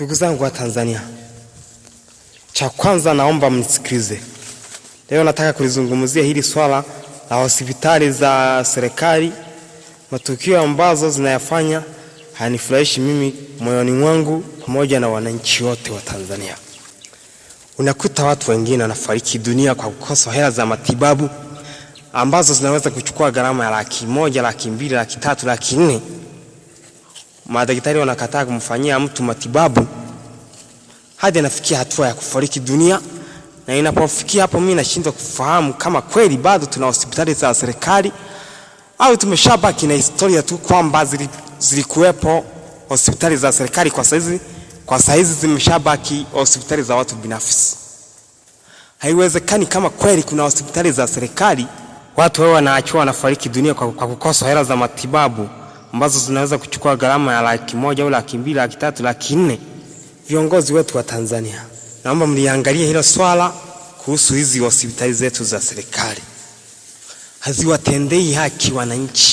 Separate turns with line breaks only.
Ndugu zangu wa Tanzania, cha kwanza naomba mnisikilize. Leo nataka kulizungumzia hili swala la hospitali za serikali, matukio ambazo zinayafanya hanifurahishi mimi moyoni mwangu pamoja na wananchi wote wa Tanzania. Unakuta watu wengine wanafariki dunia kwa kukosa hela za matibabu ambazo zinaweza kuchukua gharama ya laki moja, laki mbili, laki tatu, laki nne madaktari wanakataa kumfanyia mtu matibabu hadi anafikia hatua ya kufariki dunia. Na inapofikia hapo, mimi nashindwa kufahamu kama kweli bado tuna hospitali za serikali au tumeshabaki na historia tu kwamba zilikuwepo hospitali za serikali kwa saizi, kwa saizi zimeshabaki hospitali za watu binafsi. Haiwezekani kama kweli kuna hospitali za serikali, watu wao wanaachwa wanafariki dunia kwa, kwa kukosa hela za matibabu ambazo zinaweza kuchukua gharama ya laki moja au laki mbili, laki tatu, laki nne. Viongozi wetu wa Tanzania, naomba mliangalie hilo swala kuhusu hizi hospitali zetu za serikali, haziwatendei haki wananchi.